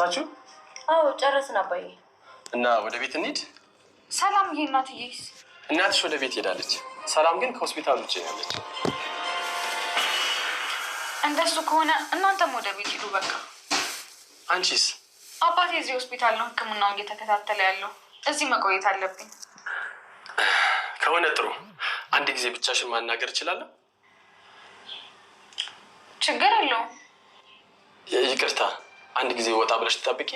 ጨረሳችሁ? አዎ ጨረስን አባዬ። እና ወደ ቤት እንሂድ። ሰላም ይሄ እናትዬስ? እናትሽ ወደ ቤት ሄዳለች። ሰላም ግን ከሆስፒታል ውጭ ያለች። እንደሱ ከሆነ እናንተም ወደ ቤት ሂዱ በቃ። አንቺስ? አባቴ እዚህ ሆስፒታል ነው ሕክምናው እየተከታተለ ያለው። እዚህ መቆየት አለብኝ። ከሆነ ጥሩ። አንድ ጊዜ ብቻሽን ማናገር እችላለሁ? ችግር የለውም። ይቅርታ አንድ ጊዜ ወጣ ብለሽ ትጠብቂ።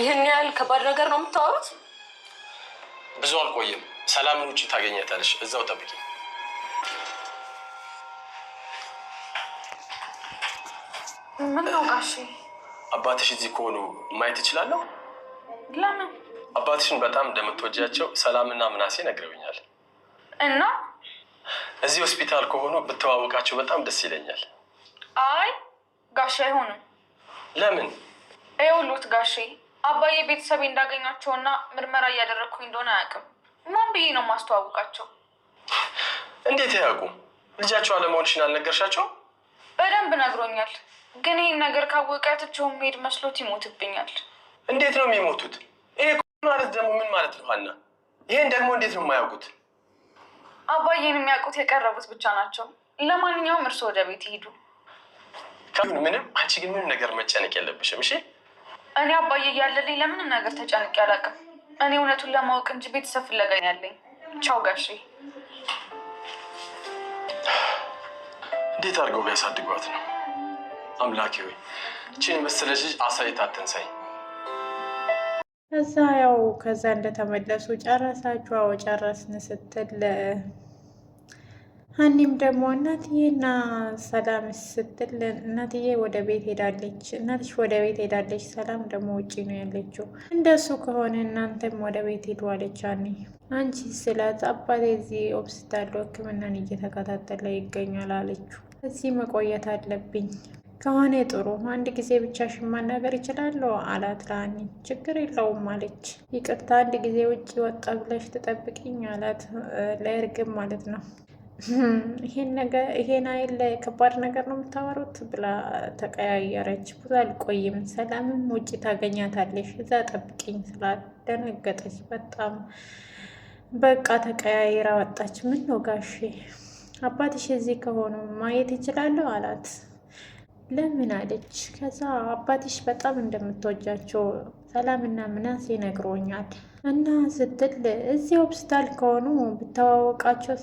ይህን ያህል ከባድ ነገር ነው የምታወሩት? ብዙ አልቆይም። ሰላምን ውጭ ታገኘታለሽ። እዛው ጠብቂ። ምን ነው ጋሼ? አባትሽ እዚህ ከሆኑ ማየት እችላለሁ? ለምን? አባትሽን በጣም እንደምትወጃቸው ሰላምና ምናሴ ነግረውኛል። እና እዚህ ሆስፒታል ከሆኑ ብተዋወቃቸው በጣም ደስ ይለኛል። አይ ጋሼ አይሆንም። ለምን? ይኸውልዎት ጋሼ አባዬ ቤተሰቤ እንዳገኛቸውና ምርመራ እያደረግኩኝ እንደሆነ አያውቅም። ማን ብዬ ነው ማስተዋወቃቸው? እንዴት አያውቁም? ልጃቸው አለመሆንሽን አልነገርሻቸው? በደንብ ነግሮኛል፣ ግን ይህን ነገር ካወቀ ትቼው መሄድ መስሎት ይሞትብኛል። እንዴት ነው የሚሞቱት? ይሄ ማለት ደግሞ ምን ማለት ነው ሀና? ይህን ደግሞ እንዴት ነው የማያውቁት? አባዬን የሚያውቁት የቀረቡት ብቻ ናቸው። ለማንኛውም እርስዎ ወደ ቤት ይሄዱ። ከምን ምንም። አንቺ ግን ምንም ነገር መጨነቅ የለብሽም እሺ። እኔ አባዬ እያለልኝ ለምንም ነገር ተጨንቄ ያላቅም። እኔ እውነቱን ለማወቅ እንጂ ቤተሰብ ፍለጋ ያለኝ። ቻው ጋሼ። እንዴት አድርገው ቢያሳድጓት ነው? አምላኬ ወይ እቺን የመሰለች ልጅ አሳይታ አትንሳይ። እዛ ያው ከዛ እንደተመለሱ ጨረሳችሁ? አዎ ጨረስን ስትል ሀኒም ደግሞ እናትዬና ሰላም ስትል እናትዬ ወደ ቤት ሄዳለች፣ እናትሽ ወደ ቤት ሄዳለች፣ ሰላም ደግሞ ውጪ ነው ያለችው። እንደሱ ከሆነ እናንተም ወደ ቤት ሄዱ አለች ሀኒ። አንቺ ስላት አባቴ እዚህ ሆስፒታል ሕክምናን እየተከታተለ ይገኛል አለችው። እዚህ መቆየት አለብኝ ከሆነ ጥሩ አንድ ጊዜ ብቻሽን ማናገር እችላለሁ አላት ለሀኒ። ችግር የለውም አለች። ይቅርታ አንድ ጊዜ ውጭ ወጣ ብለሽ ትጠብቅኝ አላት ለእርግብ ማለት ነው ይሄን አይል ከባድ ነገር ነው የምታወሩት ብላ ተቀያየረች። ብዙ አልቆይም ሰላምም ውጭ ታገኛታለሽ እዛ ጠብቂኝ ስላ ደነገጠች በጣም በቃ ተቀያይራ ወጣች። ምን ነው ጋሼ አባትሽ እዚህ ከሆኑ ማየት ይችላለሁ አላት። ለምን አለች። ከዛ አባትሽ በጣም እንደምትወጃቸው ሰላምና ምናሴ ነግሮኛል እና ስትል እዚህ ሆስፒታል ከሆኑ ብታዋወቃቸው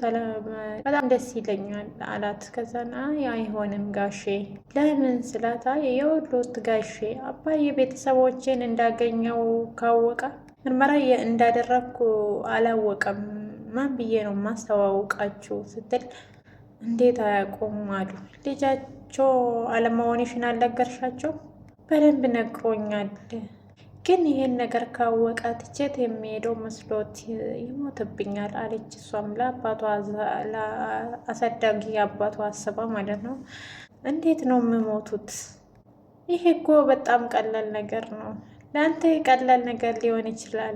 በጣም ደስ ይለኛል አላት። ከዛና አይሆንም ጋሼ ለምን ስላታ የወሎት ጋሼ አባዬ ቤተሰቦችን እንዳገኘው ካወቀ ምርመራ እንዳደረግኩ አላወቀም። ማን ብዬ ነው ማስተዋውቃችሁ? ስትል እንዴት አያውቁም አሉ። ልጃቸው አለመሆንሽን አልነገርሻቸው? በደንብ ነግሮኛል ግን ይሄን ነገር ካወቀ ትቼት የሚሄደው መስሎት ይሞትብኛል አለች። እሷም ለአባቷ አሳዳጊ አባቷ አስባ ማለት ነው። እንዴት ነው የምሞቱት? ይሄ እኮ በጣም ቀላል ነገር ነው። ለአንተ ቀላል ነገር ሊሆን ይችላል፣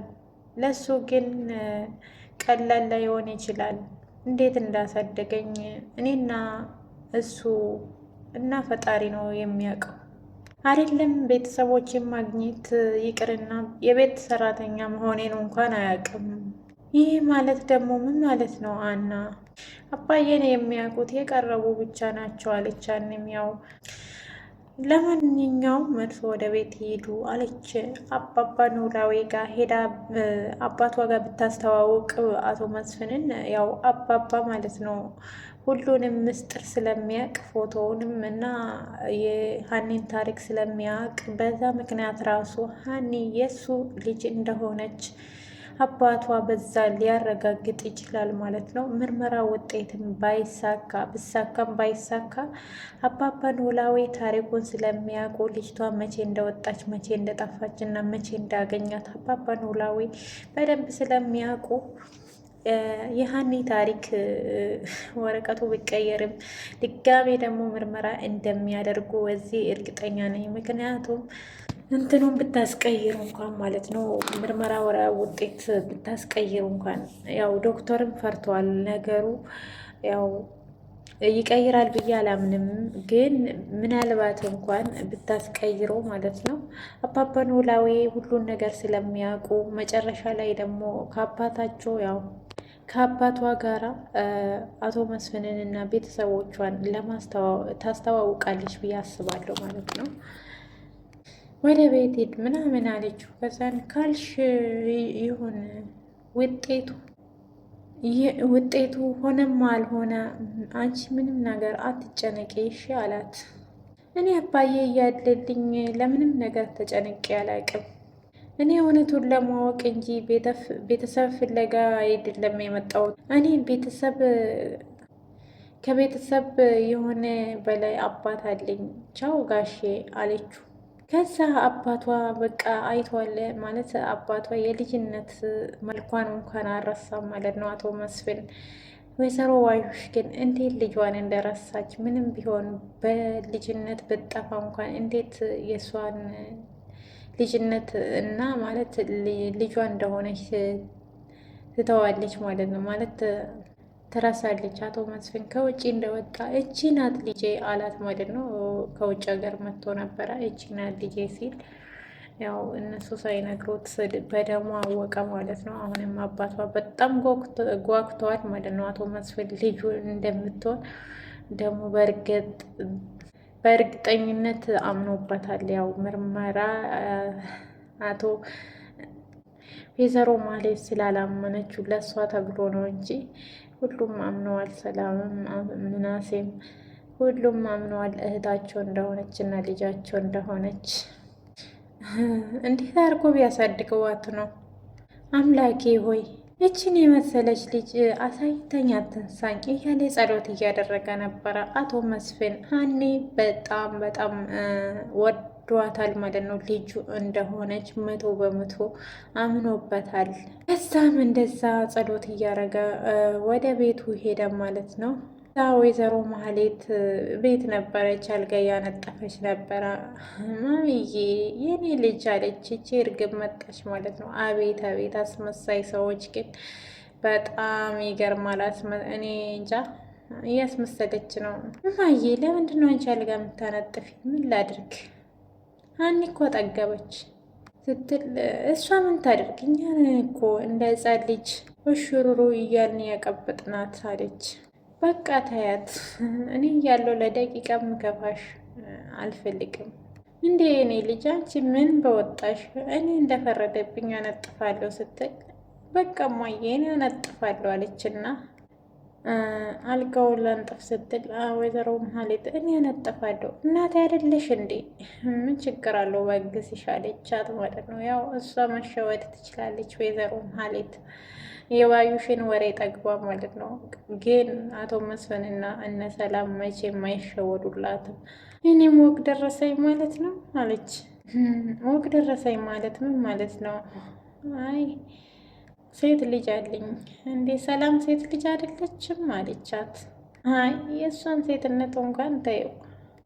ለሱ ግን ቀላል ላይሆን ይችላል። እንዴት እንዳሳደገኝ እኔና እሱ እና ፈጣሪ ነው የሚያውቀው። አይደለም ቤተሰቦችን ማግኘት ይቅርና የቤት ሰራተኛ መሆኔን እንኳን አያውቅም። ይህ ማለት ደግሞ ምን ማለት ነው? አና አባዬን የሚያውቁት የቀረቡ ብቻ ናቸው አለች። አንም ያው ለማንኛውም መርሶ ወደ ቤት ሄዱ አለች። አባባ ኖላዊ ጋር ሄዳ አባቷ ጋር ብታስተዋውቅ አቶ መስፍንን ያው አባባ ማለት ነው ሁሉንም ምስጢር ስለሚያውቅ ፎቶውንም እና የሀኒን ታሪክ ስለሚያውቅ በዛ ምክንያት ራሱ ሀኒ የእሱ ልጅ እንደሆነች አባቷ በዛ ሊያረጋግጥ ይችላል ማለት ነው። ምርመራ ውጤትም ባይሳካ ብሳካም ባይሳካ አባባ ኖላዊ ታሪኩን ስለሚያውቁ ልጅቷ መቼ እንደወጣች፣ መቼ እንደጠፋች እና መቼ እንዳገኛት አባባን ኖላዊ በደንብ ስለሚያውቁ የሀኒ ታሪክ ወረቀቱ ቢቀየርም ድጋሜ ደግሞ ምርመራ እንደሚያደርጉ እዚህ እርግጠኛ ነኝ። ምክንያቱም እንትኑን ብታስቀይሩ እንኳን ማለት ነው ምርመራ ውጤት ብታስቀይሩ እንኳን ያው ዶክተርም ፈርቷል ነገሩ ያው ይቀይራል ብዬ አላምንም። ግን ምናልባት እንኳን ብታስቀይሮ ማለት ነው አባባ ኖላዊ ሁሉን ነገር ስለሚያውቁ መጨረሻ ላይ ደግሞ ከአባታቸው ያው ከአባቷ ጋር አቶ መስፍንን እና ቤተሰቦቿን ታስተዋውቃለች ብዬ አስባለሁ ማለት ነው። ወደ ቤት ሂድ ምናምን አለችው። ከዛን ካልሽ ይሁን ውጤቱ ውጤቱ ሆነም አልሆነ አንቺ ምንም ነገር አትጨነቂ እሺ አላት። እኔ አባዬ እያለልኝ ለምንም ነገር ተጨነቄ አላቅም እኔ እውነቱን ለማወቅ እንጂ ቤተሰብ ፍለጋ አይደለም የመጣሁት። እኔ ቤተሰብ ከቤተሰብ የሆነ በላይ አባት አለኝ። ቻው ጋሼ አለችው። ከዛ አባቷ በቃ አይቷል ማለት አባቷ የልጅነት መልኳን እንኳን አረሳም ማለት ነው። አቶ መስፍን ወይዘሮ ባዩሽ ግን እንዴት ልጇን እንደረሳች ምንም ቢሆን በልጅነት በጠፋ እንኳን እንዴት የእሷን ልጅነት እና ማለት ልጇ እንደሆነች ትተዋለች ማለት ነው ማለት ትረሳለች። አቶ መስፍን ከውጭ እንደወጣ እቺ ናት ልጄ አላት ማለት ነው። ከውጭ ሀገር መጥቶ ነበረ። እቺ ናት ልጄ ሲል ያው እነሱ ሳይነግሩት በደሞ አወቀ ማለት ነው። አሁንም አባቷ በጣም ጓጉተዋል ማለት ነው። አቶ መስፍን ልጁ እንደምትሆን ደግሞ በእርግጥ በእርግጠኝነት አምኖበታል። ያው ምርመራ አቶ ወይዘሮ ማለት ስላላመነችው ለእሷ ተብሎ ነው እንጂ ሁሉም አምነዋል። ሰላምም ምናሴም ሁሉም አምነዋል እህታቸው እንደሆነች እና ልጃቸው እንደሆነች። እንዴት አድርጎ ቢያሳድገዋት ነው አምላኬ ሆይ ይችን የመሰለች ልጅ አሳይተኝ አትንሳኝ እያለ ጸሎት እያደረገ ነበረ። አቶ መስፍን ሀኔ በጣም በጣም ወዷታል ማለት ነው። ልጁ እንደሆነች መቶ በመቶ አምኖበታል። ከዛም እንደዛ ጸሎት እያደረገ ወደ ቤቱ ሄደ ማለት ነው። ወይዘሮ ማህሌት ቤት ነበረች፣ አልጋ ያነጠፈች ነበረ። ማሚዬ የኔ ልጅ አለች። ይቺ እርግብ መጣች ማለት ነው። አቤት አቤት አስመሳይ ሰዎች ግን በጣም ይገርማል። እኔ እንጃ እያስመሰለች ነው። እማዬ ለምንድን ነው አንቺ አልጋ የምታነጥፊ? ምን ላድርግ? አኒ እኮ ጠገበች ስትል እሷ ምን ታደርግ? እኛ እኮ እንደ ህፃን ልጅ ሹሩሩ እያልን ያቀበጥናት አለች። በቃ ታያት እኔ እያለሁ ለደቂቃ ምገባሽ አልፈልግም። እንዴ እኔ ልጅ አንቺ ምን በወጣሽ እኔ እንደፈረደብኝ አነጥፋለሁ ስትል በቃ እማዬ እኔ አነጥፋለሁ አለችና አልጋውን ላንጥፍ ስትል ወይዘሮ መሀሌት እኔ አነጥፋለሁ እናቴ አይደለሽ እንዴ ምን ችግር አለው ባግዝሽ አለቻት ማለት ነው። ያው እሷ መሸወድ ትችላለች ወይዘሮ መሀሌት የባዩሽን ወሬ ጠግቧ ማለት ነው። ግን አቶ መስፍንና እነ ሰላም መቼ የማይሸወዱላትም። እኔም ወግ ደረሰኝ ማለት ነው አለች። ወግ ደረሰኝ ማለት ምን ማለት ነው? አይ ሴት ልጅ አለኝ እንዴ? ሰላም ሴት ልጅ አይደለችም አለቻት። አይ የእሷን ሴትነት እንኳን ተይው።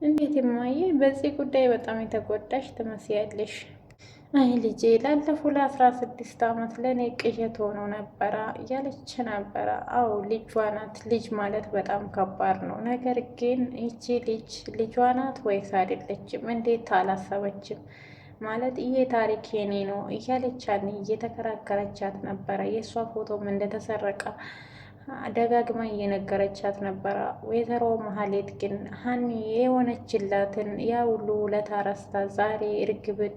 እንዴት የማየ በዚህ ጉዳይ በጣም የተጎዳሽ ትመስያለሽ አይ ልጄ ላለፉ ለአስራ ስድስት ዓመት ለእኔ ቅዠት ሆኖ ነበረ እያለች ነበረ። አው ልጇ ናት። ልጅ ማለት በጣም ከባድ ነው። ነገር ግን ይቺ ልጅ ልጇ ናት ወይስ አይደለችም? እንዴት አላሰበችም? ማለት ይሄ ታሪክ የኔ ነው እያለች እየተከራከረቻት ነበረ። የእሷ ፎቶም እንደተሰረቀ ደጋግማ እየነገረቻት ነበረ። ወይዘሮ መሀሌት ግን ሀኒ የሆነችላትን ያ ሁሉ ለታረስታ ዛሬ እርግብን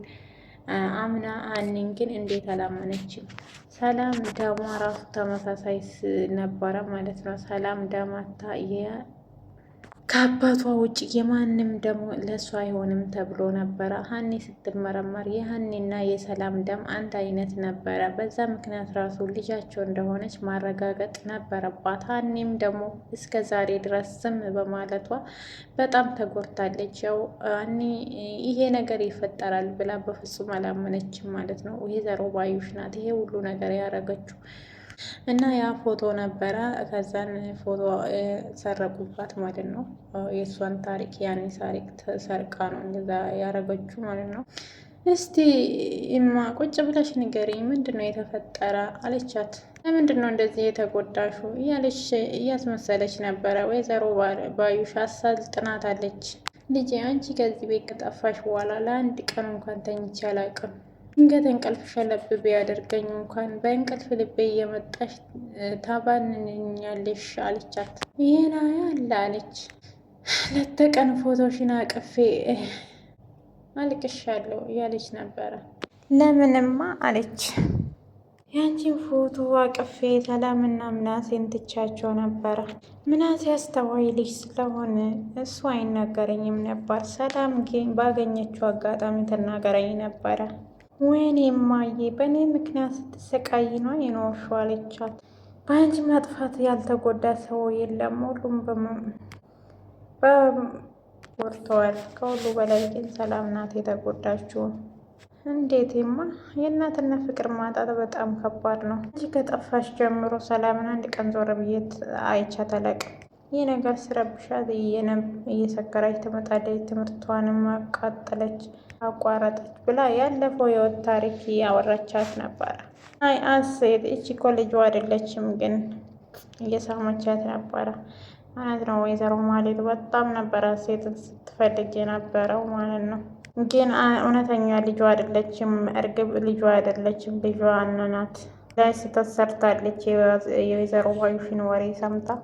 አምና ሀኒን ግን እንዴት አላመነችም? ሰላም ዳማ ራሱ ተመሳሳይ ነበረ ማለት ነው። ሰላም ዳማታ ከአባቷ ውጭ የማንም ደም ለእሷ አይሆንም ተብሎ ነበረ። ሀኒ ስትመረመር የሀኒና የሰላም ደም አንድ አይነት ነበረ። በዛ ምክንያት ራሱ ልጃቸው እንደሆነች ማረጋገጥ ነበረባት። ሀኒም ደግሞ እስከ ዛሬ ድረስ ዝም በማለቷ በጣም ተጎድታለች። ያው ሀኒ ይሄ ነገር ይፈጠራል ብላ በፍጹም አላመነችም ማለት ነው። ወይዘሮ ባዩሽ ናት ይሄ ሁሉ ነገር ያደረገችው። እና ያ ፎቶ ነበረ። ከዛን ፎቶ ሰረቁባት ማለት ነው። የእሷን ታሪክ ያን ታሪክ ተሰርቃ ነው እንደዛ ያረገችው ማለት ነው። እስቲ እማ ቁጭ ብለሽ ንገሪኝ፣ ምንድን ነው የተፈጠረ አለቻት። ለምንድን ነው እንደዚህ የተጎዳሹ እያለች እያስመሰለች ነበረ። ወይዘሮ ባዩሽ ጥናት አለች። ልጄ አንቺ ከዚህ ቤት ከጠፋሽ በኋላ ለአንድ ቀን እንኳን ተኝቼ አላውቅም ድንገት እንቅልፍ ሸለብ ቢያደርገኝ እንኳን በእንቅልፍ ልቤ እየመጣሽ ታባንንኛለሽ አለቻት። ይህና ያለ አለች። ለተቀን ፎቶሽን አቅፌ አልቅሻለሁ እያለች ነበረ። ለምንማ አለች። ያንቺን ፎቶ አቅፌ ሰላምና ምናሴን ትቻቸው ነበረ። ምናሴ አስተዋይ ልጅ ስለሆነ እሱ አይናገረኝም ነበር። ሰላም ባገኘችው አጋጣሚ ትናገረኝ ነበረ። ወይኔ እማዬ በእኔ ምክንያት ስትሰቃይ ነው የኖርሽው አለቻት። በአንቺ መጥፋት ያልተጎዳ ሰው የለም፣ ሁሉም በወርተዋል። ከሁሉ በላይ ግን ሰላም ናት የተጎዳችው። እንዴት ማ ፍቅር ማጣት በጣም ከባድ ነው እንጂ ከጠፋሽ ጀምሮ ሰላምን አንድ ቀን ዞረ ብዬ አይቻ አላቅም። ይህ ነገር ስረብሻት እየሰከራች ተመጣደች፣ ትምህርቷንም አቃጠለች፣ አቋረጠች ብላ ያለፈው የወት ታሪክ ያወራቻት ነበረ። አይ አሴት እቺ ኮሌጅ አይደለችም፣ ግን እየሰማቻት ነበረ ማለት ነው። ወይዘሮ ማሌት በጣም ነበረ ሴትን ስትፈልግ የነበረው ማለት ነው። ግን እውነተኛ ልጇ አይደለችም፣ እርግብ ልጇ አይደለችም፣ ልጇ አነናት ላይ ስተሰርታለች የወይዘሮ ባዩሽን ወሬ ሰምታ